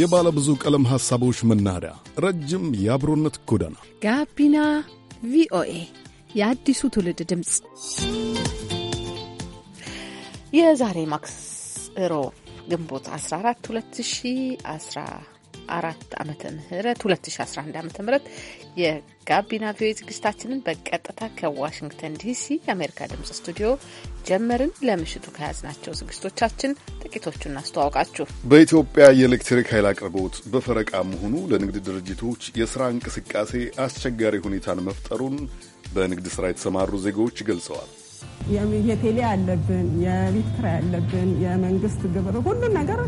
የባለ ብዙ ቀለም ሐሳቦች መናኸሪያ፣ ረጅም የአብሮነት ጎዳና፣ ጋቢና ቪኦኤ የአዲሱ ትውልድ ድምፅ። የዛሬ ማክሰኞ ግንቦት 14 2014 ዓመተ ምህረት 2011 ዓመተ ምህረት የጋቢና ቪኦኤ ዝግጅታችንን በቀጥታ ከዋሽንግተን ዲሲ የአሜሪካ ድምጽ ስቱዲዮ ጀመርን። ለምሽቱ ከያዝናቸው ዝግጅቶቻችን ጥቂቶቹን አስተዋውቃችሁ። በኢትዮጵያ የኤሌክትሪክ ኃይል አቅርቦት በፈረቃ መሆኑ ለንግድ ድርጅቶች የስራ እንቅስቃሴ አስቸጋሪ ሁኔታን መፍጠሩን በንግድ ስራ የተሰማሩ ዜጎች ገልጸዋል። የቴሌ ያለብን የቤት ኪራይ ያለብን የመንግስት ግብር ሁሉን ነገር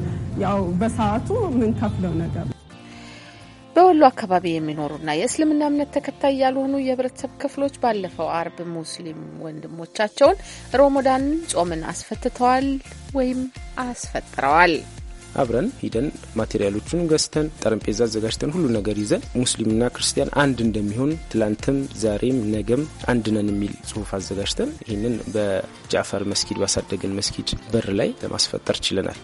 ያው በሰዓቱ ምንከፍለው ነገር በወሎ አካባቢ የሚኖሩና የእስልምና እምነት ተከታይ ያልሆኑ የህብረተሰብ ክፍሎች ባለፈው አርብ ሙስሊም ወንድሞቻቸውን ሮሞዳን ጾምን አስፈትተዋል ወይም አስፈጥረዋል። አብረን ሂደን ማቴሪያሎቹን ገዝተን ጠረጴዛ አዘጋጅተን ሁሉ ነገር ይዘን ሙስሊምና ክርስቲያን አንድ እንደሚሆን ትላንትም፣ ዛሬም፣ ነገም አንድ ነን የሚል ጽሁፍ አዘጋጅተን ይህንን በጃፈር መስጊድ ባሳደገን መስጊድ በር ላይ ለማስፈጠር ችለናል።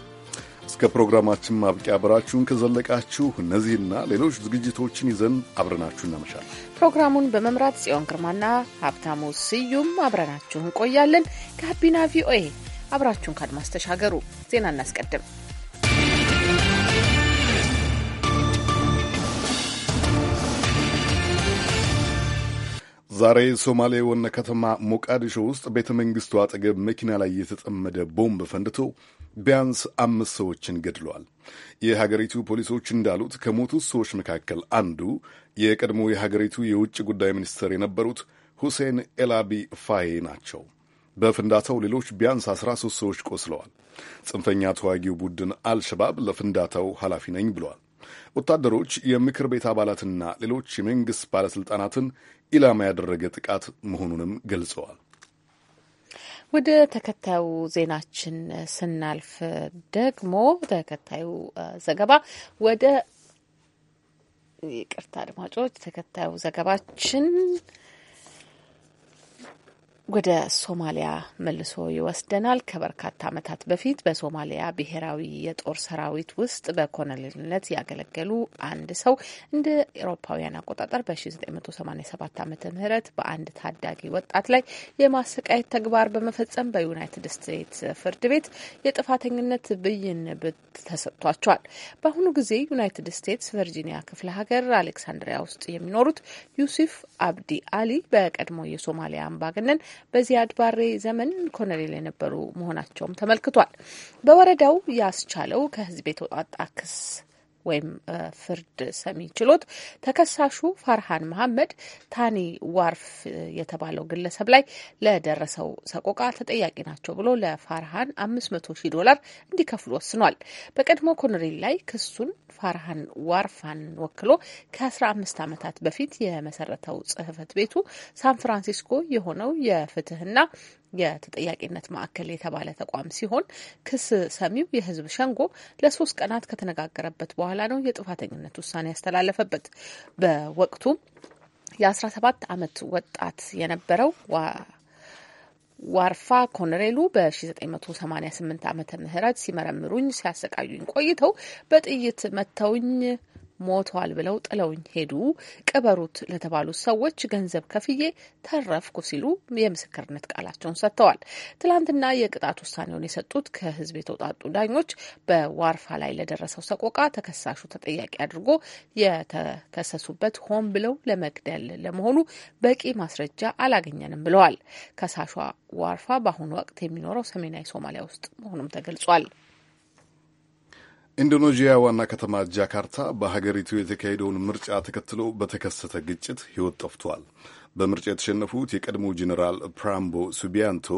እስከ ፕሮግራማችን ማብቂያ አብራችሁን ከዘለቃችሁ እነዚህና ሌሎች ዝግጅቶችን ይዘን አብረናችሁ እናመሻለን። ፕሮግራሙን በመምራት ጽዮን ግርማና ሀብታሙ ስዩም አብረናችሁ እንቆያለን። ጋቢና ቪኦኤ አብራችሁን ካድማስ ተሻገሩ። ዜና እናስቀድም። ዛሬ ሶማሌ ወነ ከተማ ሞቃዲሾ ውስጥ ቤተ መንግሥቱ አጠገብ መኪና ላይ የተጠመደ ቦምብ ፈንድቶ ቢያንስ አምስት ሰዎችን ገድሏል። የሀገሪቱ ፖሊሶች እንዳሉት ከሞቱት ሰዎች መካከል አንዱ የቀድሞ የሀገሪቱ የውጭ ጉዳይ ሚኒስትር የነበሩት ሁሴን ኤላቢ ፋሄ ናቸው። በፍንዳታው ሌሎች ቢያንስ 13 ሰዎች ቆስለዋል። ጽንፈኛ ተዋጊው ቡድን አልሸባብ ለፍንዳታው ኃላፊ ነኝ ብለዋል። ወታደሮች የምክር ቤት አባላትና ሌሎች የመንግሥት ባለሥልጣናትን ኢላማ ያደረገ ጥቃት መሆኑንም ገልጸዋል። ወደ ተከታዩ ዜናችን ስናልፍ ደግሞ ተከታዩ ዘገባ ወደ ይቅርታ አድማጮች ተከታዩ ዘገባችን ወደ ሶማሊያ መልሶ ይወስደናል። ከበርካታ ዓመታት በፊት በሶማሊያ ብሔራዊ የጦር ሰራዊት ውስጥ በኮሎኔልነት ያገለገሉ አንድ ሰው እንደ ኤሮፓውያን አቆጣጠር በ1987 ዓ ም በአንድ ታዳጊ ወጣት ላይ የማሰቃየት ተግባር በመፈጸም በዩናይትድ ስቴትስ ፍርድ ቤት የጥፋተኝነት ብይን ብት ተሰጥቷቸዋል። በአሁኑ ጊዜ ዩናይትድ ስቴትስ ቨርጂኒያ ክፍለ ሀገር አሌክሳንድሪያ ውስጥ የሚኖሩት ዩሲፍ አብዲ አሊ በቀድሞ የሶማሊያ አምባገነን በዚያድ ባሬ ዘመን ኮሎኔል የነበሩ መሆናቸውም ተመልክቷል። በወረዳው ያስቻለው ከህዝብ የተወጣጣ ክስ ወይም ፍርድ ሰሚ ችሎት ተከሳሹ ፋርሃን መሐመድ ታኒ ዋርፍ የተባለው ግለሰብ ላይ ለደረሰው ሰቆቃ ተጠያቂ ናቸው ብሎ ለፋርሃን አምስት መቶ ሺህ ዶላር እንዲከፍሉ ወስኗል። በቀድሞ ኮኖሬል ላይ ክሱን ፋርሃን ዋርፋን ወክሎ ከ15 ዓመታት በፊት የመሰረተው ጽህፈት ቤቱ ሳን ፍራንሲስኮ የሆነው የፍትህና የተጠያቂነት ማዕከል የተባለ ተቋም ሲሆን ክስ ሰሚው የህዝብ ሸንጎ ለሶስት ቀናት ከተነጋገረበት በኋላ ነው የጥፋተኝነት ውሳኔ ያስተላለፈበት። በወቅቱ የ17 ዓመት ወጣት የነበረው ዋርፋ ኮነሬሉ በ1988 ዓመተ ምህረት ሲመረምሩኝ ሲያሰቃዩኝ ቆይተው በጥይት መተውኝ ሞቷል ብለው ጥለውኝ ሄዱ። ቅበሩት ለተባሉት ሰዎች ገንዘብ ከፍዬ ተረፍኩ ሲሉ የምስክርነት ቃላቸውን ሰጥተዋል። ትላንትና የቅጣት ውሳኔውን የሰጡት ከህዝብ የተውጣጡ ዳኞች በዋርፋ ላይ ለደረሰው ሰቆቃ ተከሳሹ ተጠያቂ አድርጎ የተከሰሱበት ሆን ብለው ለመግደል ለመሆኑ በቂ ማስረጃ አላገኘንም ብለዋል። ከሳሿ ዋርፋ በአሁኑ ወቅት የሚኖረው ሰሜናዊ ሶማሊያ ውስጥ መሆኑም ተገልጿል። ኢንዶኔዥያ ዋና ከተማ ጃካርታ በሀገሪቱ የተካሄደውን ምርጫ ተከትሎ በተከሰተ ግጭት ሕይወት ጠፍቷል። በምርጫ የተሸነፉት የቀድሞ ጄኔራል ፕራምቦ ሱቢያንቶ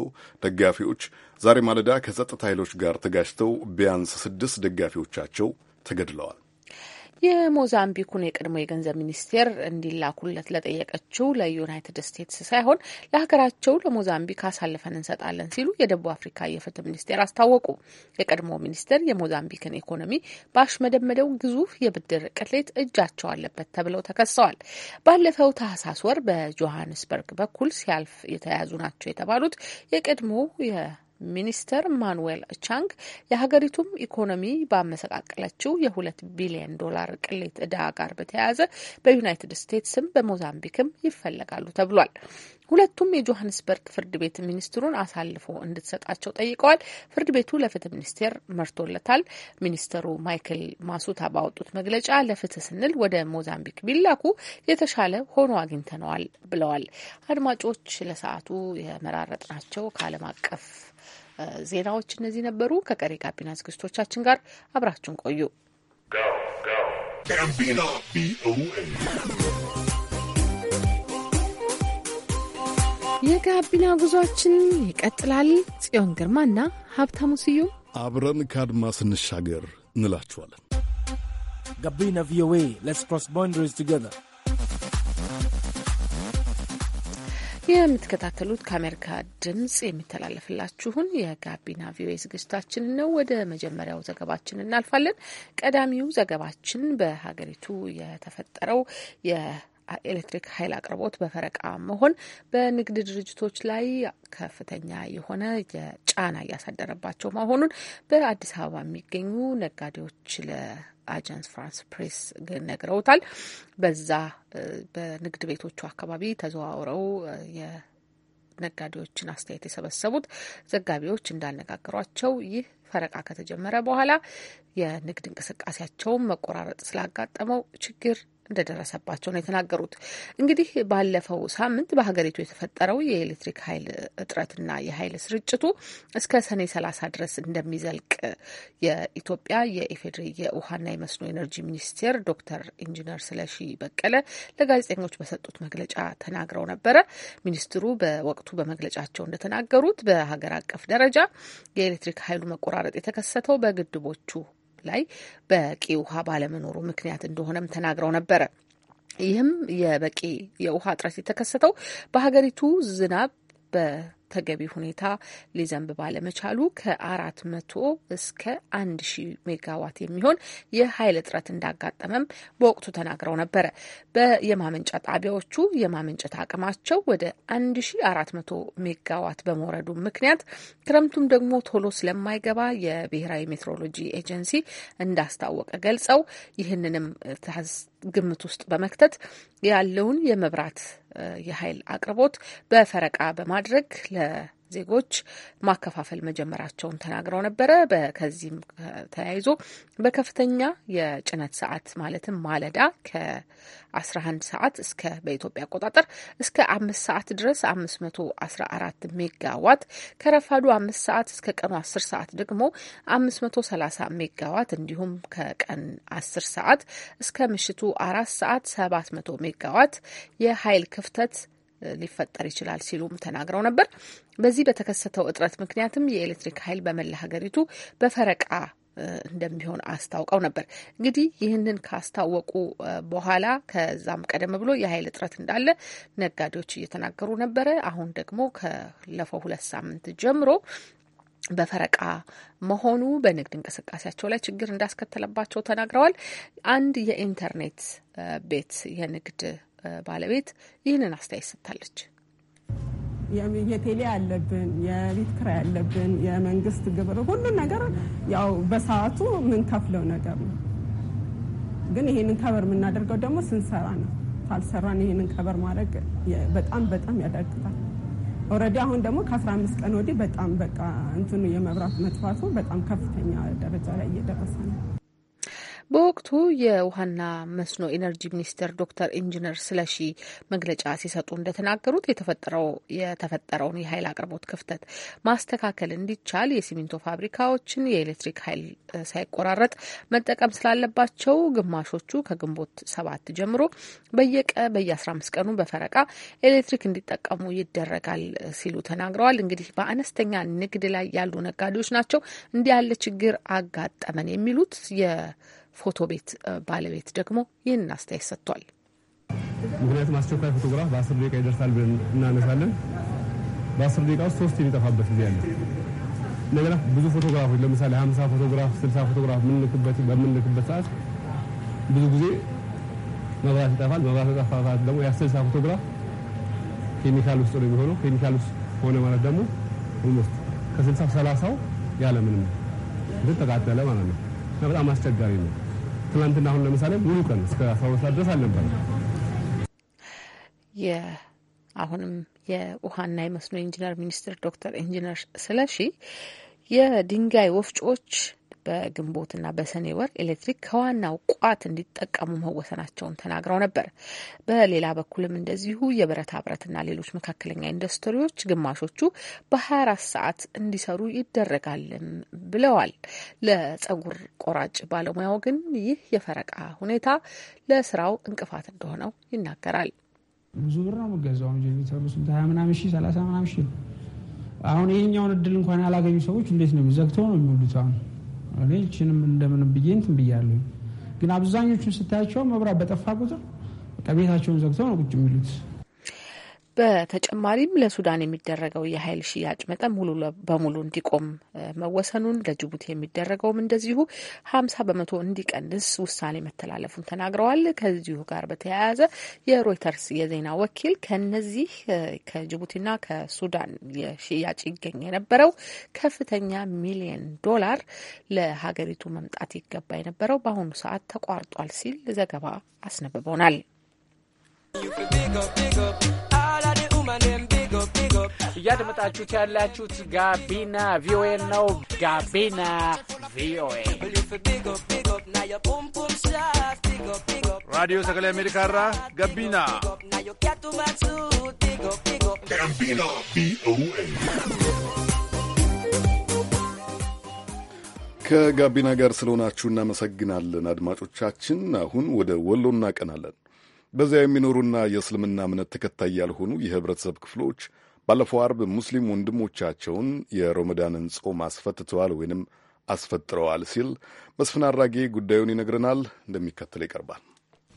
ደጋፊዎች ዛሬ ማለዳ ከጸጥታ ኃይሎች ጋር ተጋጭተው ቢያንስ ስድስት ደጋፊዎቻቸው ተገድለዋል። የሞዛምቢኩን የቀድሞ የገንዘብ ሚኒስቴር እንዲላኩለት ለጠየቀችው ለዩናይትድ ስቴትስ ሳይሆን ለሀገራቸው ለሞዛምቢክ አሳልፈን እንሰጣለን ሲሉ የደቡብ አፍሪካ የፍትህ ሚኒስቴር አስታወቁ። የቀድሞ ሚኒስቴር የሞዛምቢክን ኢኮኖሚ ባሽመደመደው ግዙፍ የብድር ቅሌት እጃቸው አለበት ተብለው ተከሰዋል። ባለፈው ታህሳስ ወር በጆሀንስበርግ በኩል ሲያልፍ የተያዙ ናቸው የተባሉት የቀድሞ ሚኒስተር ማኑዌል ቻንግ የሀገሪቱም ኢኮኖሚ ባመሰቃቀለችው የሁለት ቢሊዮን ዶላር ቅሌት እዳ ጋር በተያያዘ በዩናይትድ ስቴትስም በሞዛምቢክም ይፈለጋሉ ተብሏል። ሁለቱም የጆሀንስበርግ ፍርድ ቤት ሚኒስትሩን አሳልፎ እንድትሰጣቸው ጠይቀዋል። ፍርድ ቤቱ ለፍትህ ሚኒስቴር መርቶለታል። ሚኒስተሩ ማይክል ማሱታ ባወጡት መግለጫ ለፍትህ ስንል ወደ ሞዛምቢክ ቢላኩ የተሻለ ሆኖ አግኝተነዋል ብለዋል። አድማጮች ለሰዓቱ የመራረጥ ናቸው ከዓለም አቀፍ ዜናዎች እነዚህ ነበሩ። ከቀሪ ጋቢና ዝግጅቶቻችን ጋር አብራችሁን ቆዩ። የጋቢና ጉዟችን ይቀጥላል። ጽዮን እና ሀብታሙ ስዩም አብረን ከአድማ ስንሻገር እንላችኋለን። ጋቢና ቪኦኤ ሌትስ ክሮስ ባውንደሪስ ቱጌዘር የምትከታተሉት ከአሜሪካ ድምጽ የሚተላለፍላችሁን የጋቢና ቪኦኤ ዝግጅታችን ነው። ወደ መጀመሪያው ዘገባችን እናልፋለን። ቀዳሚው ዘገባችን በሀገሪቱ የተፈጠረው የኤሌክትሪክ ኃይል አቅርቦት በፈረቃ መሆን በንግድ ድርጅቶች ላይ ከፍተኛ የሆነ የጫና እያሳደረባቸው መሆኑን በአዲስ አበባ የሚገኙ ነጋዴዎች ለ አጀንስ ፍራንስ ፕሬስ ነግረውታል። በዛ በንግድ ቤቶቹ አካባቢ ተዘዋውረው የነጋዴዎችን አስተያየት የሰበሰቡት ዘጋቢዎች እንዳነጋገሯቸው ይህ ፈረቃ ከተጀመረ በኋላ የንግድ እንቅስቃሴያቸውን መቆራረጥ ስላጋጠመው ችግር እንደደረሰባቸው ነው የተናገሩት። እንግዲህ ባለፈው ሳምንት በሀገሪቱ የተፈጠረው የኤሌክትሪክ ኃይል እጥረትና የኃይል ስርጭቱ እስከ ሰኔ ሰላሳ ድረስ እንደሚዘልቅ የኢትዮጵያ የኢፌዴሪ የውሃና የመስኖ ኤነርጂ ሚኒስቴር ዶክተር ኢንጂነር ስለሺ በቀለ ለጋዜጠኞች በሰጡት መግለጫ ተናግረው ነበረ። ሚኒስትሩ በወቅቱ በመግለጫቸው እንደተናገሩት በሀገር አቀፍ ደረጃ የኤሌክትሪክ ኃይሉ መቆራረጥ የተከሰተው በግድቦቹ ላይ በቂ ውሃ ባለመኖሩ ምክንያት እንደሆነም ተናግረው ነበረ። ይህም የበቂ የውሃ እጥረት የተከሰተው በሀገሪቱ ዝናብ በ ተገቢ ሁኔታ ሊዘንብ ባለመቻሉ ከአራት መቶ እስከ አንድ ሺ ሜጋዋት የሚሆን የኃይል እጥረት እንዳጋጠመም በወቅቱ ተናግረው ነበረ። በየማመንጫ ጣቢያዎቹ የማመንጨት አቅማቸው ወደ አንድ ሺ አራት መቶ ሜጋዋት በመውረዱ ምክንያት ክረምቱም ደግሞ ቶሎ ስለማይገባ የብሔራዊ ሜትሮሎጂ ኤጀንሲ እንዳስታወቀ ገልጸው ይህንንም ግምት ውስጥ በመክተት ያለውን የመብራት የኃይል አቅርቦት በፈረቃ በማድረግ ዜጎች ማከፋፈል መጀመራቸውን ተናግረው ነበረ። ከዚህም ተያይዞ በከፍተኛ የጭነት ሰዓት ማለትም ማለዳ ከ11 ሰዓት እስከ በኢትዮጵያ አቆጣጠር እስከ አምስት ሰዓት ድረስ 514 ሜጋዋት ከረፋዱ አምስት ሰዓት እስከ ቀኑ 10 ሰዓት ደግሞ 530 ሜጋዋት እንዲሁም ከቀን 10 ሰዓት እስከ ምሽቱ አራት ሰዓት 700 ሜጋዋት የኃይል ክፍተት ሊፈጠር ይችላል ሲሉም ተናግረው ነበር። በዚህ በተከሰተው እጥረት ምክንያትም የኤሌክትሪክ ኃይል በመላ ሀገሪቱ በፈረቃ እንደሚሆን አስታውቀው ነበር። እንግዲህ ይህንን ካስታወቁ በኋላ ከዛም ቀደም ብሎ የኃይል እጥረት እንዳለ ነጋዴዎች እየተናገሩ ነበረ። አሁን ደግሞ ከለፈው ሁለት ሳምንት ጀምሮ በፈረቃ መሆኑ በንግድ እንቅስቃሴያቸው ላይ ችግር እንዳስከተለባቸው ተናግረዋል። አንድ የኢንተርኔት ቤት የንግድ ባለቤት ይህንን አስተያየት ሰጥታለች። የቴሌ ያለብን የቤት ክራ ያለብን የመንግስት ግብር፣ ሁሉን ነገር ያው በሰዓቱ የምንከፍለው ነገር ነው። ግን ይሄንን ከበር የምናደርገው ደግሞ ስንሰራ ነው። ካልሰራን ይሄንን ከበር ማድረግ በጣም በጣም ያዳግታል። ኦልሬዲ አሁን ደግሞ ከ15 ቀን ወዲህ በጣም በቃ እንትኑ የመብራት መጥፋቱ በጣም ከፍተኛ ደረጃ ላይ እየደረሰ ነው። በወቅቱ የውሃና መስኖ ኢነርጂ ሚኒስትር ዶክተር ኢንጂነር ስለሺ መግለጫ ሲሰጡ እንደተናገሩት የተፈጠረውን የኃይል አቅርቦት ክፍተት ማስተካከል እንዲቻል የሲሚንቶ ፋብሪካዎችን የኤሌክትሪክ ኃይል ሳይቆራረጥ መጠቀም ስላለባቸው ግማሾቹ ከግንቦት ሰባት ጀምሮ በየቀ በየ አምስት ቀኑ በፈረቃ ኤሌክትሪክ እንዲጠቀሙ ይደረጋል ሲሉ ተናግረዋል። እንግዲህ በአነስተኛ ንግድ ላይ ያሉ ነጋዴዎች ናቸው እንዲህ ያለ ችግር አጋጠመን የሚሉት ፎቶ ቤት ባለቤት ደግሞ ይህን አስተያየት ሰጥቷል። ምክንያቱም አስቸኳይ ፎቶግራፍ በአስር ደቂቃ ይደርሳል ብለን እናነሳለን። በአስር ደቂቃ ውስጥ ሶስት የሚጠፋበት ጊዜ አለ። እንደገና ብዙ ፎቶግራፎች ለምሳሌ ሀምሳ ፎቶግራፍ ስልሳ ፎቶግራፍ የምንልክበት በምንልክበት ሰዓት ብዙ ጊዜ መብራት ይጠፋል። መብራት ጠፋ ሰዓት ደግሞ ያ ስልሳ ፎቶግራፍ ኬሚካል ውስጥ ነው የሚሆነው። ኬሚካል ውስጥ ሆነ ማለት ደግሞ ኦልሞስት ከስልሳ ሰላሳው ያለምንም ተቃጠለ ማለት ነው። በጣም አስቸጋሪ ነው። ትናንትና አሁን ለምሳሌ ሙሉ ቀን እስከ አስራ ሁለት ሰዓት ድረስ አልነበረም። አሁንም የውሃና የመስኖ ኢንጂነር ሚኒስትር ዶክተር ኢንጂነር ስለሺ የድንጋይ ወፍጮዎች በግንቦትና በሰኔ ወር ኤሌክትሪክ ከዋናው ቋት እንዲጠቀሙ መወሰናቸውን ተናግረው ነበር። በሌላ በኩልም እንደዚሁ የብረታ ብረትና ሌሎች መካከለኛ ኢንዱስትሪዎች ግማሾቹ በ24 ሰዓት እንዲሰሩ ይደረጋልም ብለዋል። ለጸጉር ቆራጭ ባለሙያው ግን ይህ የፈረቃ ሁኔታ ለስራው እንቅፋት እንደሆነው ይናገራል። ብዙ ብር ነው የምገዛው ጀኔሬተሩ ስንት ሀያ ምናምን ሺ ሰላሳ ምናምን ሺህ አሁን ይህኛውን እድል እንኳን ያላገኙ ሰዎች እንዴት ነው የሚዘግተው ነው የሚውሉት አሁን እኔ ይችንም እንደምን ብዬ እንትን ብያለሁ። ግን አብዛኞቹን ስታያቸው መብራት በጠፋ ቁጥር ቤታቸውን ዘግተው ነው ቁጭ የሚሉት። በተጨማሪም ለሱዳን የሚደረገው የኃይል ሽያጭ መጠን ሙሉ በሙሉ እንዲቆም መወሰኑን ለጅቡቲ የሚደረገውም እንደዚሁ ሀምሳ በመቶ እንዲቀንስ ውሳኔ መተላለፉን ተናግረዋል። ከዚሁ ጋር በተያያዘ የሮይተርስ የዜና ወኪል ከነዚህ ከጅቡቲና ከሱዳን የሽያጭ ይገኝ የነበረው ከፍተኛ ሚሊየን ዶላር ለሀገሪቱ መምጣት ይገባ የነበረው በአሁኑ ሰዓት ተቋርጧል ሲል ዘገባ አስነብቦናል። እያደመጣችሁት ያላችሁት ጋቢና ቪኦኤ ነው። ጋቢና ቪኦኤ ራዲዮ አሜሪካ ራ ጋቢና ከጋቢና ጋር ስለሆናችሁ እናመሰግናለን አድማጮቻችን። አሁን ወደ ወሎ እናቀናለን። በዚያ የሚኖሩና የእስልምና እምነት ተከታይ ያልሆኑ የህብረተሰብ ክፍሎች ባለፈው አርብ ሙስሊም ወንድሞቻቸውን የሮመዳንን ጾም አስፈትተዋል ወይንም አስፈጥረዋል ሲል መስፍን አራጌ ጉዳዩን ይነግረናል። እንደሚከተለው ይቀርባል።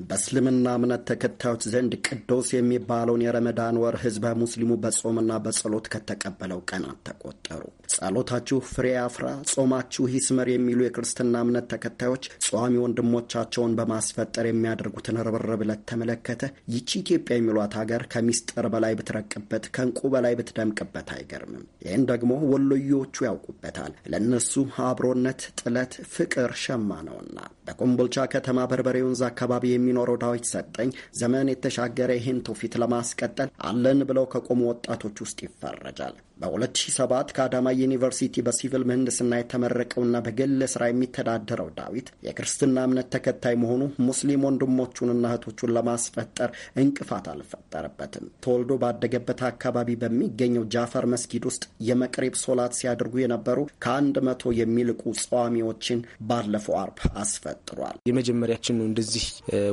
በእስልምና እምነት ተከታዮች ዘንድ ቅዱስ የሚባለውን የረመዳን ወር ህዝበ ሙስሊሙ በጾምና በጸሎት ከተቀበለው ቀናት ተቆጠሩ። ጸሎታችሁ ፍሬ አፍራ ጾማችሁ ሂስመር የሚሉ የክርስትና እምነት ተከታዮች ጸዋሚ ወንድሞቻቸውን በማስፈጠር የሚያደርጉትን ርብርብ ዕለት ተመለከተ። ይቺ ኢትዮጵያ የሚሏት ሀገር ከሚስጥር በላይ ብትረቅበት፣ ከእንቁ በላይ ብትደምቅበት አይገርምም። ይህን ደግሞ ወሎዮቹ ያውቁበታል። ለእነሱ አብሮነት፣ ጥለት፣ ፍቅር ሸማ ነውና በኮምቦልቻ ከተማ በርበሬ ወንዝ አካባቢ የሚኖረው ዳዊት ሰጠኝ ዘመን የተሻገረ ይህን ትውፊት ለማስቀጠል አለን ብለው ከቆሙ ወጣቶች ውስጥ ይፈረጃል። በ2007 ከአዳማ ዩኒቨርሲቲ በሲቪል ምህንድስና የተመረቀውና በግል ስራ የሚተዳደረው ዳዊት የክርስትና እምነት ተከታይ መሆኑ ሙስሊም ወንድሞቹንና እህቶቹን ለማስፈጠር እንቅፋት አልፈጠረበትም። ተወልዶ ባደገበት አካባቢ በሚገኘው ጃፈር መስጊድ ውስጥ የመቅረብ ሶላት ሲያደርጉ የነበሩ ከአንድ መቶ የሚልቁ ጸዋሚዎችን ባለፈው አርብ አስፈጥሯል። የመጀመሪያችን ነው እንደዚህ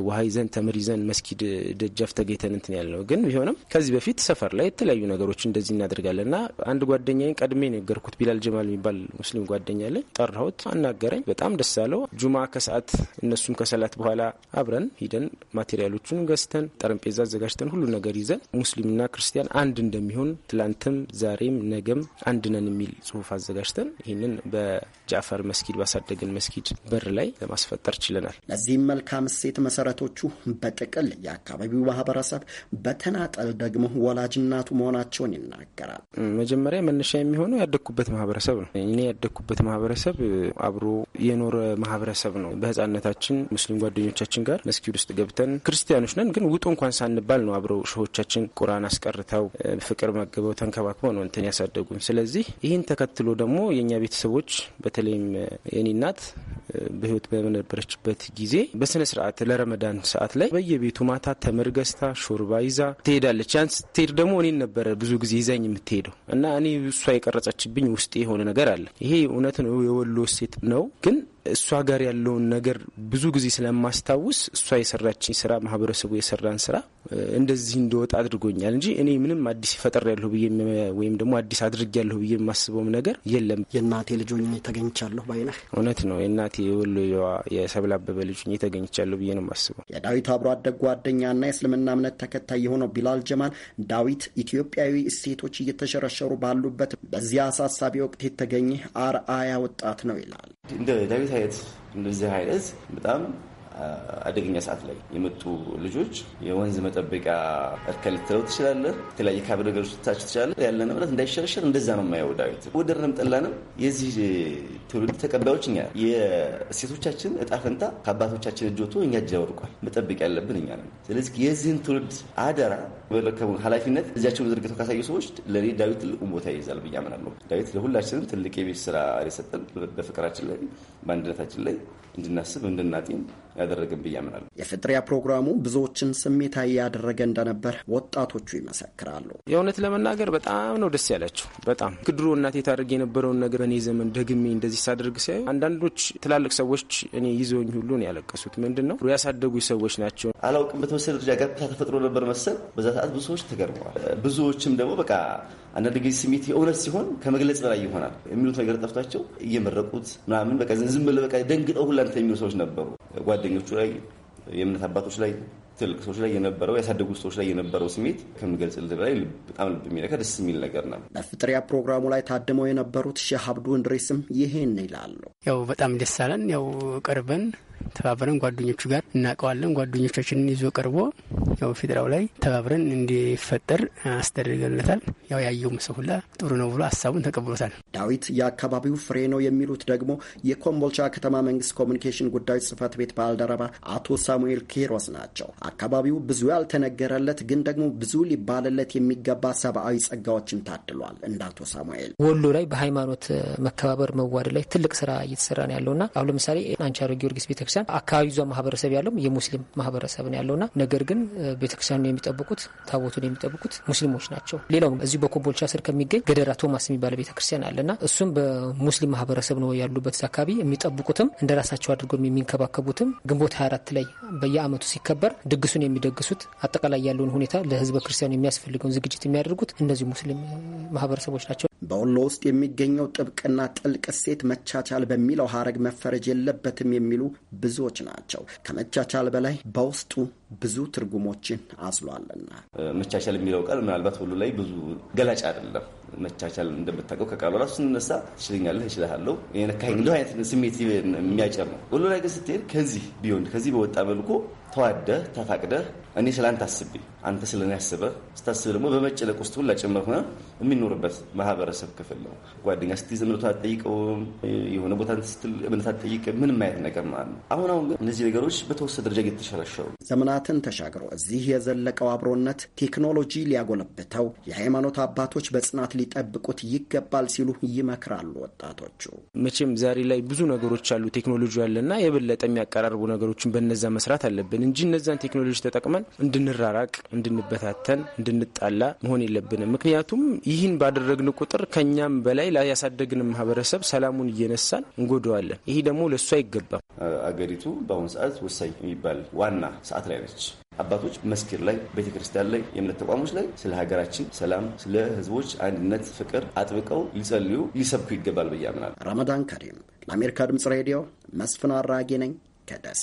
ውሃ ይዘን ተምር ይዘን መስጊድ ደጃፍ ተገኝተን እንትን ያለ ነው። ግን ቢሆንም ከዚህ በፊት ሰፈር ላይ የተለያዩ ነገሮች እንደዚህ እናደርጋለን እና አንድ ጓደኛዬን ቀድሜ ነገርኩት። ቢላል ጀማል የሚባል ሙስሊም ጓደኛ አለኝ። ጠራሁት፣ አናገረኝ። በጣም ደስ አለው። ጁማ ከሰዓት እነሱም ከሰላት በኋላ አብረን ሂደን ማቴሪያሎቹን ገዝተን ጠረጴዛ አዘጋጅተን ሁሉ ነገር ይዘን ሙስሊምና ክርስቲያን አንድ እንደሚሆን ትላንትም ዛሬም ነገም አንድ ነን የሚል ጽሁፍ አዘጋጅተን ይህንን በጃፈር መስጊድ ባሳደግን መስጊድ በር ላይ ለማስፈጠር ችለናል። ለዚህም መልካም እሴት መሰረት ጥረቶቹ በጥቅል የአካባቢው ማህበረሰብ፣ በተናጠል ደግሞ ወላጅናቱ መሆናቸውን ይናገራል። መጀመሪያ መነሻ የሚሆነው ያደግኩበት ማህበረሰብ ነው። እኔ ያደግኩበት ማህበረሰብ አብሮ የኖረ ማህበረሰብ ነው። በህጻነታችን ሙስሊም ጓደኞቻችን ጋር መስጊድ ውስጥ ገብተን ክርስቲያኖች ነን ግን ውጡ እንኳን ሳንባል ነው አብረው ሸሆቻችን ቁርአን አስቀርተው ፍቅር መግበው ተንከባክበው ነው እንትን ያሳደጉን። ስለዚህ ይህን ተከትሎ ደግሞ የእኛ ቤተሰቦች በተለይም የኔ እናት በህይወት በነበረችበት ጊዜ በስነ ስርዓት ለረመዳ ረመዳን ሰዓት ላይ በየቤቱ ማታ ተምር ገዝታ ሾርባ ይዛ ትሄዳለች። ያን ስትሄድ ደግሞ እኔን ነበረ ብዙ ጊዜ ይዛኝ የምትሄደው እና እኔ እሷ የቀረጸችብኝ ውስጥ የሆነ ነገር አለ። ይሄ እውነት ነው፣ የወሎ ሴት ነው ግን እሷ ጋር ያለውን ነገር ብዙ ጊዜ ስለማስታውስ እሷ የሰራችኝ ስራ ማህበረሰቡ የሰራን ስራ እንደዚህ እንደወጣ አድርጎኛል እንጂ እኔ ምንም አዲስ ፈጠር ያለሁ ብዬ ወይም ደግሞ አዲስ አድርግ ያለሁ ብዬ የማስበውም ነገር የለም። የእናቴ ልጆ ተገኝቻለሁ ባይነህ እውነት ነው። የእናቴ የወሎዋ የሰብል አበበ ልጅ ተገኝቻለሁ ብዬ ነው የማስበው። የዳዊት አብሮ አደግ ጓደኛና የእስልምና እምነት ተከታይ የሆነው ቢላል ጀማል ዳዊት ኢትዮጵያዊ እሴቶች እየተሸረሸሩ ባሉበት በዚያ አሳሳቢ ወቅት የተገኘ አርአያ ወጣት ነው ይላል። መታየት እንደዚህ አይነት በጣም አደገኛ ሰዓት ላይ የመጡ ልጆች የወንዝ መጠበቂያ እርከን ልትለው ትችላለህ። የተለያየ ካብ ነገር ልታችሁ ትችላለህ። ያለ ንብረት እንዳይሸረሸር እንደዛ ነው የማየው ዳዊት። ወደድንም ጠላንም የዚህ ትውልድ ተቀባዮች እኛ የሴቶቻችን እጣ ፈንታ ከአባቶቻችን እጅ ወጥቶ እኛ እጅ ያወርቋል። መጠበቅ ያለብን እኛ ነን። ስለዚህ የዚህን ትውልድ አደራ በለከቡን ኃላፊነት እጃቸውን ዘርግተው ካሳዩ ሰዎች ለእኔ ዳዊት ትልቁን ቦታ ይይዛል ብዬ አምናለሁ። ዳዊት ለሁላችንም ትልቅ የቤት ስራ የሰጠን በፍቅራችን ላይ በአንድነታችን ላይ እንድናስብ እንድናጤም ያደረግን ብዬ አምናለሁ። የፍጥሪያ ፕሮግራሙ ብዙዎችን ስሜታዊ ያደረገ እንደነበር ወጣቶቹ ይመሰክራሉ። የእውነት ለመናገር በጣም ነው ደስ ያላቸው። በጣም ክድሮ እናቴ ታደርግ የነበረውን ነገር እኔ ዘመን ደግሜ እንደዚህ ሳደርግ ሲያዩ አንዳንዶች ትላልቅ ሰዎች እኔ ይዘውኝ ሁሉ ነው ያለቀሱት። ምንድን ነው ያሳደጉ ሰዎች ናቸው። አላውቅም በተወሰነ ደረጃ ጋር ተፈጥሮ ነበር መሰል በዛ ሰዓት ብዙ ሰዎች ተገርመዋል። ብዙዎችም ደግሞ በቃ አንዳንድ ጊዜ ስሜት የእውነት ሲሆን ከመግለጽ በላይ ይሆናል የሚሉት ነገር ጠፍቷቸው እየመረቁት ምናምን በቃ ዝም ብለህ በቃ ደንግጠው ሁላ የሚሉ ሰዎች ነበሩ። ጓደኞቹ ላይ፣ የእምነት አባቶች ላይ፣ ትልቅ ሰዎች ላይ የነበረው ያሳደጉ ሰዎች ላይ የነበረው ስሜት ከምገልጽ በላይ በጣም ልብ የሚነካ ደስ የሚል ነገር ነው። በፍጥሪያ ፕሮግራሙ ላይ ታድመው የነበሩት ሼህ አብዱ እንድሬስም ይህን ይላሉ። ያው በጣም ደስ አለን ያው ቅርብን ተባብረን ጓደኞቹ ጋር እናውቀዋለን። ጓደኞቻችንን ይዞ ቀርቦ ያው ፌዴራው ላይ ተባብረን እንዲፈጠር አስደርገለታል። ያው ያየውም ሰው ሁላ ጥሩ ነው ብሎ ሀሳቡን ተቀብሎታል። ዳዊት የአካባቢው ፍሬ ነው የሚሉት ደግሞ የኮምቦልቻ ከተማ መንግስት ኮሚኒኬሽን ጉዳዮች ጽህፈት ቤት ባልደረባ አቶ ሳሙኤል ኬሮስ ናቸው። አካባቢው ብዙ ያልተነገረለት ግን ደግሞ ብዙ ሊባልለት የሚገባ ሰብአዊ ጸጋዎችን ታድሏል። እንደ አቶ ሳሙኤል ወሎ ላይ በሃይማኖት መከባበር መዋደድ ላይ ትልቅ ስራ እየተሰራ ነው ያለውና አሁን ለምሳሌ አንቻሮ ጊዮርጊስ ቤተክርስቲያን ቤተክርስቲያን አካባቢ ማህበረሰብ ያለው የሙስሊም ማህበረሰብ ነው ያለውና ነገር ግን ቤተክርስቲያኑን የሚጠብቁት ታቦቱን የሚጠብቁት ሙስሊሞች ናቸው። ሌላውም እዚሁ በኮምቦልቻ ስር ከሚገኝ ገደራ ቶማስ የሚባለ ቤተክርስቲያን አለና እሱም በሙስሊም ማህበረሰብ ነው ያሉበት አካባቢ የሚጠብቁትም እንደ ራሳቸው አድርገው የሚንከባከቡትም ግንቦት 24 ላይ በየአመቱ ሲከበር ድግሱን የሚደግሱት አጠቃላይ ያለውን ሁኔታ ለህዝበ ክርስቲያኑ የሚያስፈልገውን ዝግጅት የሚያደርጉት እነዚህ ሙስሊም ማህበረሰቦች ናቸው። በወሎ ውስጥ የሚገኘው ጥብቅና ጥልቅ እሴት መቻቻል በሚለው ሀረግ መፈረጅ የለበትም የሚሉ ብዙዎች ናቸው። ከመቻቻል በላይ በውስጡ ብዙ ትርጉሞችን አስሏልና መቻቻል የሚለው ቃል ምናልባት ሁሉ ላይ ብዙ ገላጭ አይደለም። መቻቻል እንደምታውቀው ከቃሉ ራሱ ስንነሳ ትችለኛለህ፣ እችልሃለሁ እንደው አይነት ስሜት የሚያጨር ነው። ሁሉ ላይ ግን ስትሄድ ከዚህ ቢሆን ከዚህ በወጣ መልኩ ተዋደህ ተፋቅደህ እኔ ስለ አንተ አስቤ አንተ ስለ እኔ አስበህ ስታስብ ደግሞ በመጨለቅ ውስጥ ሁላ ጭምር ሆነ የሚኖርበት ማህበረሰብ ክፍል ነው። ጓደኛ ስትይዝ እምነቱ አትጠይቀውም፣ የሆነ ቦታ ስትል እምነት አትጠይቅም፣ ምንም ነገር ማለት ነው። አሁን አሁን ግን እነዚህ ነገሮች በተወሰነ ደረጃ እየተሸረሸሩ ዘመናትን ተሻግሮ እዚህ የዘለቀው አብሮነት ቴክኖሎጂ ሊያጎለብተው፣ የሃይማኖት አባቶች በጽናት ሊጠብቁት ይገባል ሲሉ ይመክራሉ ወጣቶቹ። መቼም ዛሬ ላይ ብዙ ነገሮች አሉ ቴክኖሎጂ አለና የበለጠ የሚያቀራርቡ ነገሮችን በነዛ መስራት አለብን እንጂ እነዛን ቴክኖሎጂ ተጠቅመን እንድንራራቅ፣ እንድንበታተን፣ እንድንጣላ መሆን የለብንም ምክንያቱም ይህን ባደረግን ቁጥር ከኛም በላይ ያሳደግን ማህበረሰብ ሰላሙን እየነሳን እንጎደዋለን። ይህ ደግሞ ለእሱ አይገባም። አገሪቱ በአሁኑ ሰዓት ወሳኝ የሚባል ዋና ሰዓት ላይ ነች። አባቶች መስኪር ላይ፣ ቤተክርስቲያን ላይ፣ የእምነት ተቋሞች ላይ ስለ ሀገራችን ሰላም፣ ስለ ህዝቦች አንድነት፣ ፍቅር አጥብቀው ሊጸልዩ ሊሰብኩ ይገባል ብዬ አምናለሁ። ረመዳን ከሪም ለአሜሪካ ድምፅ ሬዲዮ መስፍን አራጌ ነኝ ከደሴ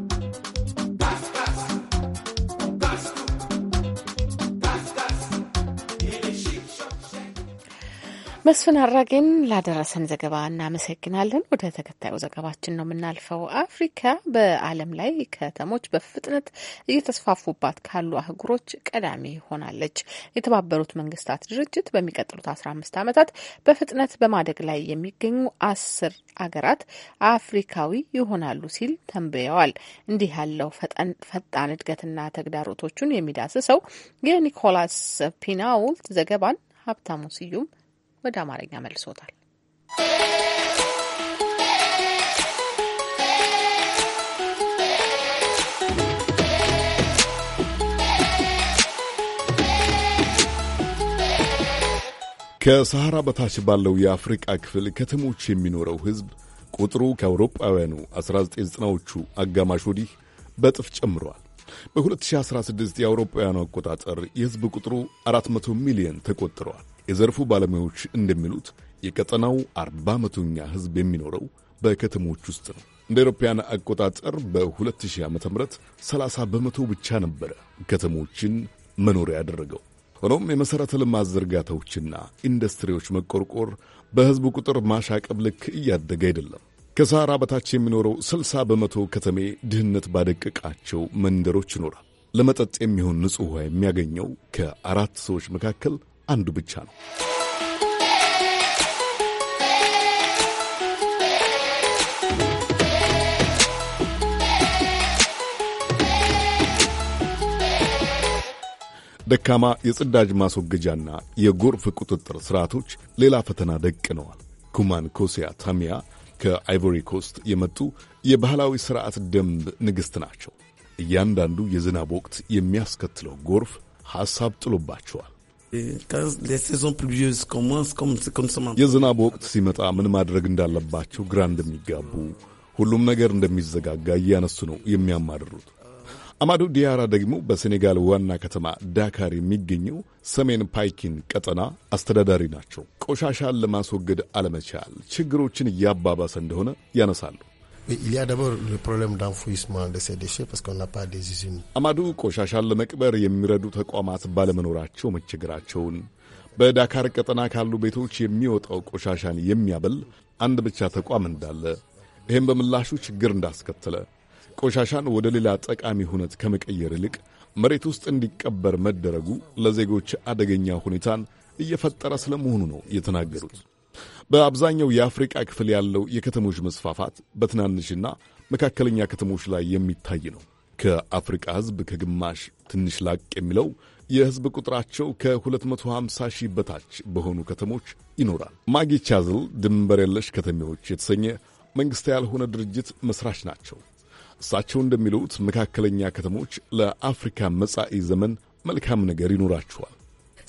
መስፍን አራጌን ላደረሰን ዘገባ እናመሰግናለን። ወደ ተከታዩ ዘገባችን ነው የምናልፈው። አፍሪካ በዓለም ላይ ከተሞች በፍጥነት እየተስፋፉባት ካሉ አህጉሮች ቀዳሚ ሆናለች። የተባበሩት መንግስታት ድርጅት በሚቀጥሉት አስራ አምስት ዓመታት በፍጥነት በማደግ ላይ የሚገኙ አስር አገራት አፍሪካዊ ይሆናሉ ሲል ተንብየዋል። እንዲህ ያለው ፈጣን እድገትና ተግዳሮቶቹን የሚዳስሰው የኒኮላስ ፒናውልት ዘገባን ሀብታሙ ስዩም ወደ አማርኛ መልሶታል። ከሰሐራ በታች ባለው የአፍሪቃ ክፍል ከተሞች የሚኖረው ሕዝብ ቁጥሩ ከአውሮጳውያኑ 1990ዎቹ አጋማሽ ወዲህ በጥፍ ጨምሯል በ በ2016 የአውሮጳውያኑ አቆጣጠር የሕዝብ ቁጥሩ 400 ሚሊዮን ተቆጥሯል። የዘርፉ ባለሙያዎች እንደሚሉት የቀጠናው አርባ መቶኛ ህዝብ የሚኖረው በከተሞች ውስጥ ነው። እንደ አውሮፓውያን አቆጣጠር በ2000 ዓ ም 30 በመቶ ብቻ ነበረ ከተሞችን መኖሪያ ያደረገው። ሆኖም የመሠረተ ልማት ዝርጋታዎችና ኢንዱስትሪዎች መቆርቆር በሕዝቡ ቁጥር ማሻቀብ ልክ እያደገ አይደለም። ከሰሃራ በታች የሚኖረው 60 በመቶ ከተሜ ድህነት ባደቀቃቸው መንደሮች ይኖራል። ለመጠጥ የሚሆን ንጹሕ ውሃ የሚያገኘው ከአራት ሰዎች መካከል አንዱ ብቻ ነው። ደካማ የጽዳጅ ማስወገጃና የጎርፍ ቁጥጥር ስርዓቶች ሌላ ፈተና ደቅነዋል። ኩማን ኮሲያ ታሚያ ከአይቮሪ ኮስት የመጡ የባህላዊ ስርዓት ደንብ ንግሥት ናቸው። እያንዳንዱ የዝናብ ወቅት የሚያስከትለው ጎርፍ ሐሳብ ጥሎባቸዋል። የዝናብ ወቅት ሲመጣ ምን ማድረግ እንዳለባቸው ግራ እንደሚጋቡ ሁሉም ነገር እንደሚዘጋጋ እያነሱ ነው የሚያማርሩት። አማዶ ዲያራ ደግሞ በሴኔጋል ዋና ከተማ ዳካር የሚገኘው ሰሜን ፓይኪን ቀጠና አስተዳዳሪ ናቸው። ቆሻሻን ለማስወገድ አለመቻል ችግሮችን እያባባሰ እንደሆነ ያነሳሉ። Mais il y a d'abord le problème d'enfouissement de ces déchets parce qu'on n'a pas des usines. አማዱ ቆሻሻን ለመቅበር የሚረዱ ተቋማት ባለመኖራቸው መቸገራቸውን በዳካር ቀጠና ካሉ ቤቶች የሚወጣው ቆሻሻን የሚያበል አንድ ብቻ ተቋም እንዳለ ይህም በምላሹ ችግር እንዳስከተለ ቆሻሻን ወደ ሌላ ጠቃሚ ሁነት ከመቀየር ይልቅ መሬት ውስጥ እንዲቀበር መደረጉ ለዜጎች አደገኛ ሁኔታን እየፈጠረ ስለመሆኑ ነው የተናገሩት። በአብዛኛው የአፍሪቃ ክፍል ያለው የከተሞች መስፋፋት በትናንሽና መካከለኛ ከተሞች ላይ የሚታይ ነው። ከአፍሪቃ ህዝብ ከግማሽ ትንሽ ላቅ የሚለው የህዝብ ቁጥራቸው ከ250 ሺህ በታች በሆኑ ከተሞች ይኖራል። ማጊ ቻዝል ድንበር የለሽ ከተሜዎች የተሰኘ መንግሥት ያልሆነ ድርጅት መሥራች ናቸው። እሳቸው እንደሚሉት መካከለኛ ከተሞች ለአፍሪካ መጻኢ ዘመን መልካም ነገር ይኖራቸዋል።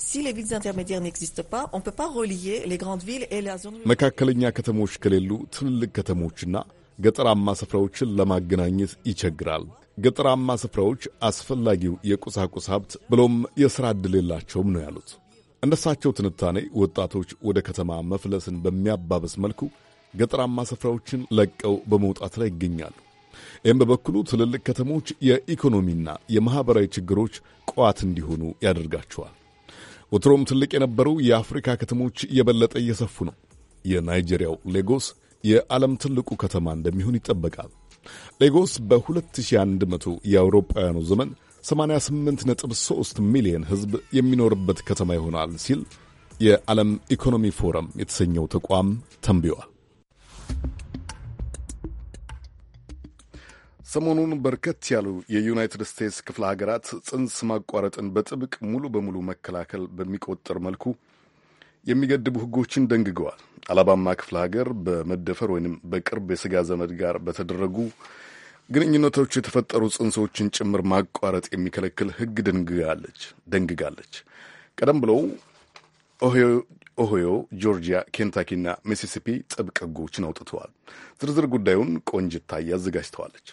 Si les villes intermédiaires n'existent pas, on ne peut pas relier les grandes villes et la zone መካከለኛ ከተሞች ከሌሉ ትልልቅ ከተሞችና ገጠራማ ስፍራዎችን ለማገናኘት ይቸግራል። ገጠራማ ስፍራዎች አስፈላጊው የቁሳቁስ ሀብት ብሎም የሥራ ዕድል የላቸውም ነው ያሉት። እንደሳቸው ትንታኔ ወጣቶች ወደ ከተማ መፍለስን በሚያባበስ መልኩ ገጠራማ ስፍራዎችን ለቀው በመውጣት ላይ ይገኛሉ። ይህም በበኩሉ ትልልቅ ከተሞች የኢኮኖሚና የማኅበራዊ ችግሮች ቋት እንዲሆኑ ያደርጋቸዋል። ወትሮም ትልቅ የነበሩ የአፍሪካ ከተሞች እየበለጠ እየሰፉ ነው። የናይጄሪያው ሌጎስ የዓለም ትልቁ ከተማ እንደሚሆን ይጠበቃል። ሌጎስ በ2100 የአውሮፓውያኑ ዘመን 88.3 ሚሊዮን ሕዝብ የሚኖርበት ከተማ ይሆናል ሲል የዓለም ኢኮኖሚ ፎረም የተሰኘው ተቋም ተንብዮአል። ሰሞኑን በርከት ያሉ የዩናይትድ ስቴትስ ክፍለ ሀገራት ጽንስ ማቋረጥን በጥብቅ ሙሉ በሙሉ መከላከል በሚቆጠር መልኩ የሚገድቡ ሕጎችን ደንግገዋል። አላባማ ክፍለ ሀገር በመደፈር ወይንም በቅርብ የስጋ ዘመድ ጋር በተደረጉ ግንኙነቶች የተፈጠሩ ጽንሶችን ጭምር ማቋረጥ የሚከለክል ሕግ ደንግጋለች። ቀደም ብለው ኦሆዮ፣ ጆርጂያ፣ ኬንታኪና ሚሲሲፒ ጥብቅ ሕጎችን አውጥተዋል። ዝርዝር ጉዳዩን ቆንጅታ አዘጋጅተዋለች።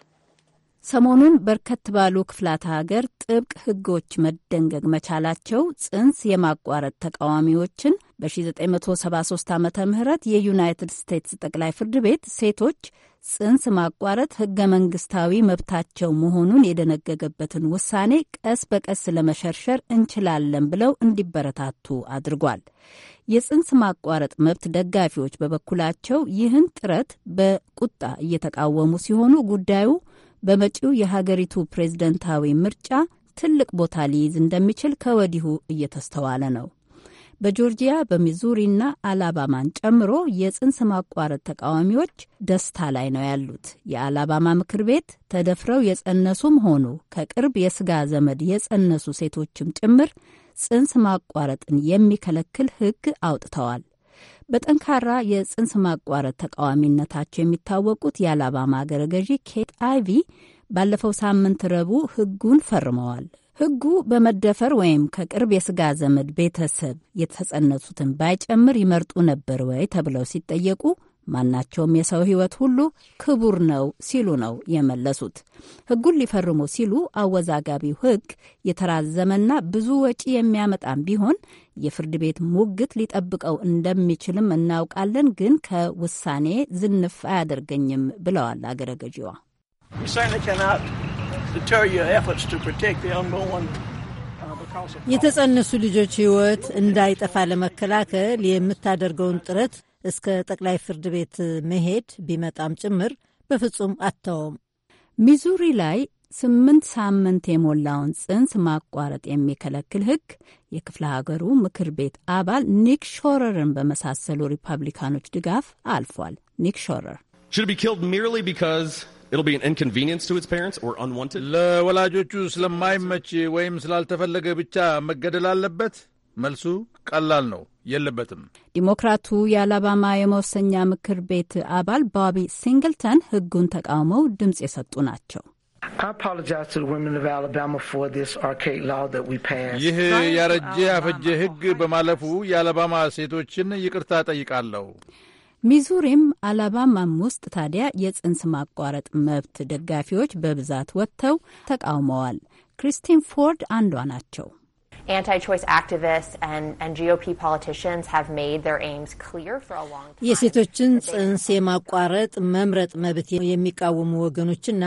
ሰሞኑን በርከት ባሉ ክፍላተ ሀገር ጥብቅ ሕጎች መደንገግ መቻላቸው ጽንስ የማቋረጥ ተቃዋሚዎችን በ1973 ዓ ም የዩናይትድ ስቴትስ ጠቅላይ ፍርድ ቤት ሴቶች ጽንስ ማቋረጥ ሕገ መንግስታዊ መብታቸው መሆኑን የደነገገበትን ውሳኔ ቀስ በቀስ ለመሸርሸር እንችላለን ብለው እንዲበረታቱ አድርጓል። የጽንስ ማቋረጥ መብት ደጋፊዎች በበኩላቸው ይህን ጥረት በቁጣ እየተቃወሙ ሲሆኑ ጉዳዩ በመጪው የሀገሪቱ ፕሬዝደንታዊ ምርጫ ትልቅ ቦታ ሊይዝ እንደሚችል ከወዲሁ እየተስተዋለ ነው። በጆርጂያ በሚዙሪና አላባማን ጨምሮ የጽንስ ማቋረጥ ተቃዋሚዎች ደስታ ላይ ነው ያሉት። የአላባማ ምክር ቤት ተደፍረው የጸነሱም ሆኑ ከቅርብ የስጋ ዘመድ የጸነሱ ሴቶችም ጭምር ጽንስ ማቋረጥን የሚከለክል ሕግ አውጥተዋል። በጠንካራ የጽንስ ማቋረጥ ተቃዋሚነታቸው የሚታወቁት የአላባማ አገረ ገዢ ኬት አይቪ ባለፈው ሳምንት ረቡዕ ሕጉን ፈርመዋል። ሕጉ በመደፈር ወይም ከቅርብ የስጋ ዘመድ ቤተሰብ የተጸነሱትን ባይጨምር ይመርጡ ነበር ወይ ተብለው ሲጠየቁ ማናቸውም የሰው ሕይወት ሁሉ ክቡር ነው ሲሉ ነው የመለሱት። ሕጉን ሊፈርሙ ሲሉ አወዛጋቢው ሕግ የተራዘመና ብዙ ወጪ የሚያመጣም ቢሆን የፍርድ ቤት ሙግት ሊጠብቀው እንደሚችልም እናውቃለን፣ ግን ከውሳኔ ዝንፍ አያደርገኝም ብለዋል አገረ ገዢዋ። uh, የተጸነሱ ልጆች ሕይወት እንዳይጠፋ ለመከላከል የምታደርገውን ጥረት እስከ ጠቅላይ ፍርድ ቤት መሄድ ቢመጣም ጭምር በፍጹም አትተውም። ሚዙሪ ላይ ስምንት ሳምንት የሞላውን ጽንስ ማቋረጥ የሚከለክል ሕግ የክፍለ ሀገሩ ምክር ቤት አባል ኒክ ሾረርን በመሳሰሉ ሪፐብሊካኖች ድጋፍ አልፏል። ኒክ ሾረር ለወላጆቹ ስለማይመች ወይም ስላልተፈለገ ብቻ መገደል አለበት? መልሱ ቀላል ነው። የለበትም። ዲሞክራቱ የአላባማ የመወሰኛ ምክር ቤት አባል ባቢ ሲንግልተን ህጉን ተቃውመው ድምፅ የሰጡ ናቸው። ይህ ያረጀ ያፈጀ ህግ በማለፉ የአላባማ ሴቶችን ይቅርታ ጠይቃለሁ። ሚዙሪም አላባማም ውስጥ ታዲያ የጽንስ ማቋረጥ መብት ደጋፊዎች በብዛት ወጥተው ተቃውመዋል። ክሪስቲን ፎርድ አንዷ ናቸው። anti-choice activists and, and GOP politicians have made their aims clear for a long time. የሴቶችን ጽንስ የማቋረጥ መምረጥ መብት የሚቃወሙ ወገኖችና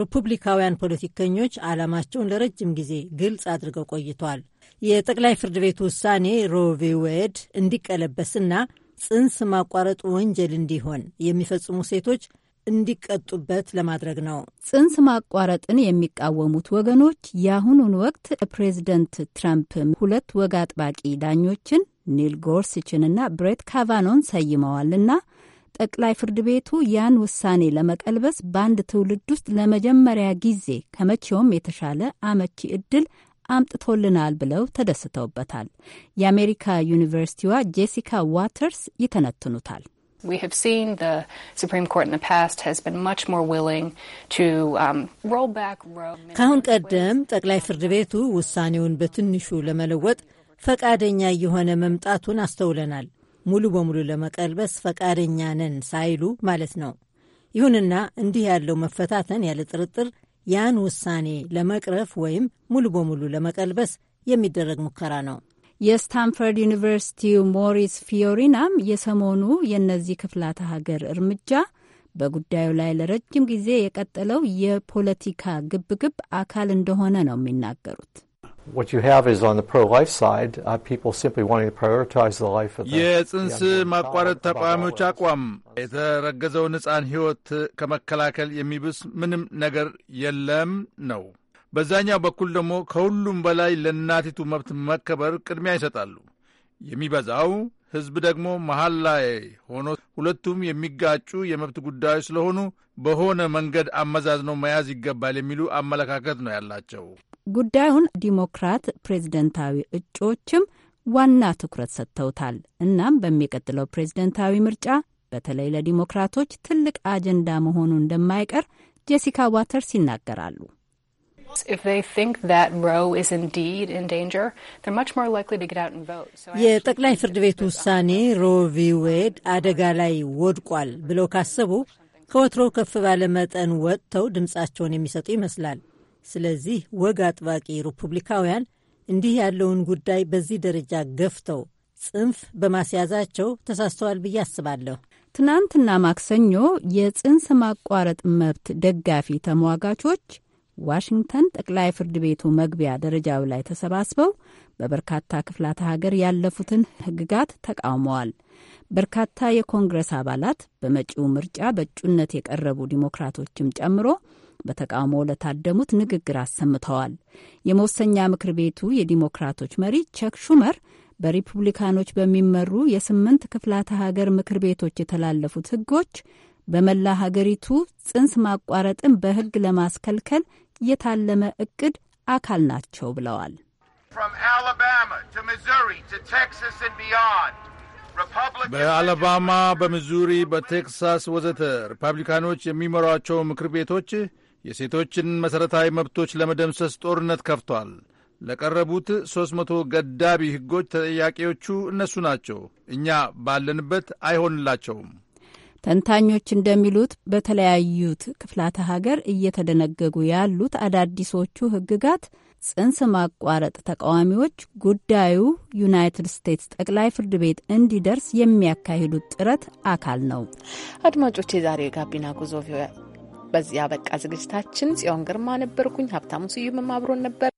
ሪፑብሊካውያን ፖለቲከኞች ዓላማቸውን ለረጅም ጊዜ ግልጽ አድርገው ቆይቷል። የጠቅላይ ፍርድ ቤት ውሳኔ ሮቪ ዌድ እንዲቀለበስና ጽንስ ማቋረጥ ወንጀል እንዲሆን የሚፈጽሙ ሴቶች እንዲቀጡበት ለማድረግ ነው። ጽንስ ማቋረጥን የሚቃወሙት ወገኖች የአሁኑን ወቅት ፕሬዚደንት ትራምፕ ሁለት ወግ አጥባቂ ዳኞችን ኒል ጎርስችንና ብሬት ካቫኖን ሰይመዋልና ጠቅላይ ፍርድ ቤቱ ያን ውሳኔ ለመቀልበስ በአንድ ትውልድ ውስጥ ለመጀመሪያ ጊዜ ከመቼውም የተሻለ አመቺ እድል አምጥቶልናል ብለው ተደስተውበታል። የአሜሪካ ዩኒቨርሲቲዋ ጄሲካ ዋተርስ ይተነትኑታል። We have seen the Supreme Court in the past has been much more willing to um, roll back Roe. ከአሁን ቀደም ጠቅላይ ፍርድ ቤቱ ውሳኔውን በትንሹ ለመለወጥ ፈቃደኛ የሆነ መምጣቱን አስተውለናል። ሙሉ በሙሉ ለመቀልበስ ፈቃደኛ ነን ሳይሉ ማለት ነው። ይሁንና እንዲህ ያለው መፈታተን ያለ ጥርጥር ያን ውሳኔ ለመቅረፍ ወይም ሙሉ በሙሉ ለመቀልበስ የሚደረግ ሙከራ ነው። የስታንፈርድ ዩኒቨርሲቲው ሞሪስ ፊዮሪናም የሰሞኑ የእነዚህ ክፍላተ ሀገር እርምጃ በጉዳዩ ላይ ለረጅም ጊዜ የቀጠለው የፖለቲካ ግብግብ አካል እንደሆነ ነው የሚናገሩት። uh, የጽንስ ማቋረጥ ተቃዋሚዎች አቋም የተረገዘውን ሕፃን ሕይወት ከመከላከል የሚብስ ምንም ነገር የለም ነው። በዛኛው በኩል ደግሞ ከሁሉም በላይ ለእናቲቱ መብት መከበር ቅድሚያ ይሰጣሉ። የሚበዛው ሕዝብ ደግሞ መሀል ላይ ሆኖ ሁለቱም የሚጋጩ የመብት ጉዳዮች ስለሆኑ በሆነ መንገድ አመዛዝነው መያዝ ይገባል የሚሉ አመለካከት ነው ያላቸው። ጉዳዩን ዲሞክራት ፕሬዝደንታዊ እጩዎችም ዋና ትኩረት ሰጥተውታል። እናም በሚቀጥለው ፕሬዝደንታዊ ምርጫ በተለይ ለዲሞክራቶች ትልቅ አጀንዳ መሆኑ እንደማይቀር ጄሲካ ዋተርስ ይናገራሉ። የጠቅላይ ፍርድ ቤት ውሳኔ ሮ ቪ ዌድ አደጋ ላይ ወድቋል ብለው ካሰቡ ከወትሮ ከፍ ባለ መጠን ወጥተው ድምፃቸውን የሚሰጡ ይመስላል። ስለዚህ ወግ አጥባቂ ሪፑብሊካውያን እንዲህ ያለውን ጉዳይ በዚህ ደረጃ ገፍተው ጽንፍ በማስያዛቸው ተሳስተዋል ብዬ አስባለሁ። ትናንትና ማክሰኞ የጽንስ ማቋረጥ መብት ደጋፊ ተሟጋቾች ዋሽንግተን ጠቅላይ ፍርድ ቤቱ መግቢያ ደረጃው ላይ ተሰባስበው በበርካታ ክፍላተ ሀገር ያለፉትን ህግጋት ተቃውመዋል። በርካታ የኮንግረስ አባላት በመጪው ምርጫ በእጩነት የቀረቡ ዲሞክራቶችም ጨምሮ በተቃውሞ ለታደሙት ንግግር አሰምተዋል። የመወሰኛ ምክር ቤቱ የዲሞክራቶች መሪ ቸክ ሹመር በሪፑብሊካኖች በሚመሩ የስምንት ክፍላተ ሀገር ምክር ቤቶች የተላለፉት ህጎች በመላ ሀገሪቱ ጽንስ ማቋረጥን በህግ ለማስከልከል የታለመ እቅድ አካል ናቸው ብለዋል። በአላባማ፣ በሚዙሪ፣ በቴክሳስ ወዘተ ሪፐብሊካኖች የሚመሯቸው ምክር ቤቶች የሴቶችን መሠረታዊ መብቶች ለመደምሰስ ጦርነት ከፍቷል። ለቀረቡት ሦስት መቶ ገዳቢ ሕጎች ተጠያቂዎቹ እነሱ ናቸው። እኛ ባለንበት አይሆንላቸውም። ተንታኞች እንደሚሉት በተለያዩት ክፍላተ ሀገር እየተደነገጉ ያሉት አዳዲሶቹ ህግጋት ጽንስ ማቋረጥ ተቃዋሚዎች ጉዳዩ ዩናይትድ ስቴትስ ጠቅላይ ፍርድ ቤት እንዲደርስ የሚያካሂዱት ጥረት አካል ነው። አድማጮች፣ የዛሬ የጋቢና ጉዞ በዚህ አበቃ። ዝግጅታችን ጽዮን ግርማ ነበርኩኝ። ሀብታሙ ስዩም አብሮን ነበር።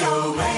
No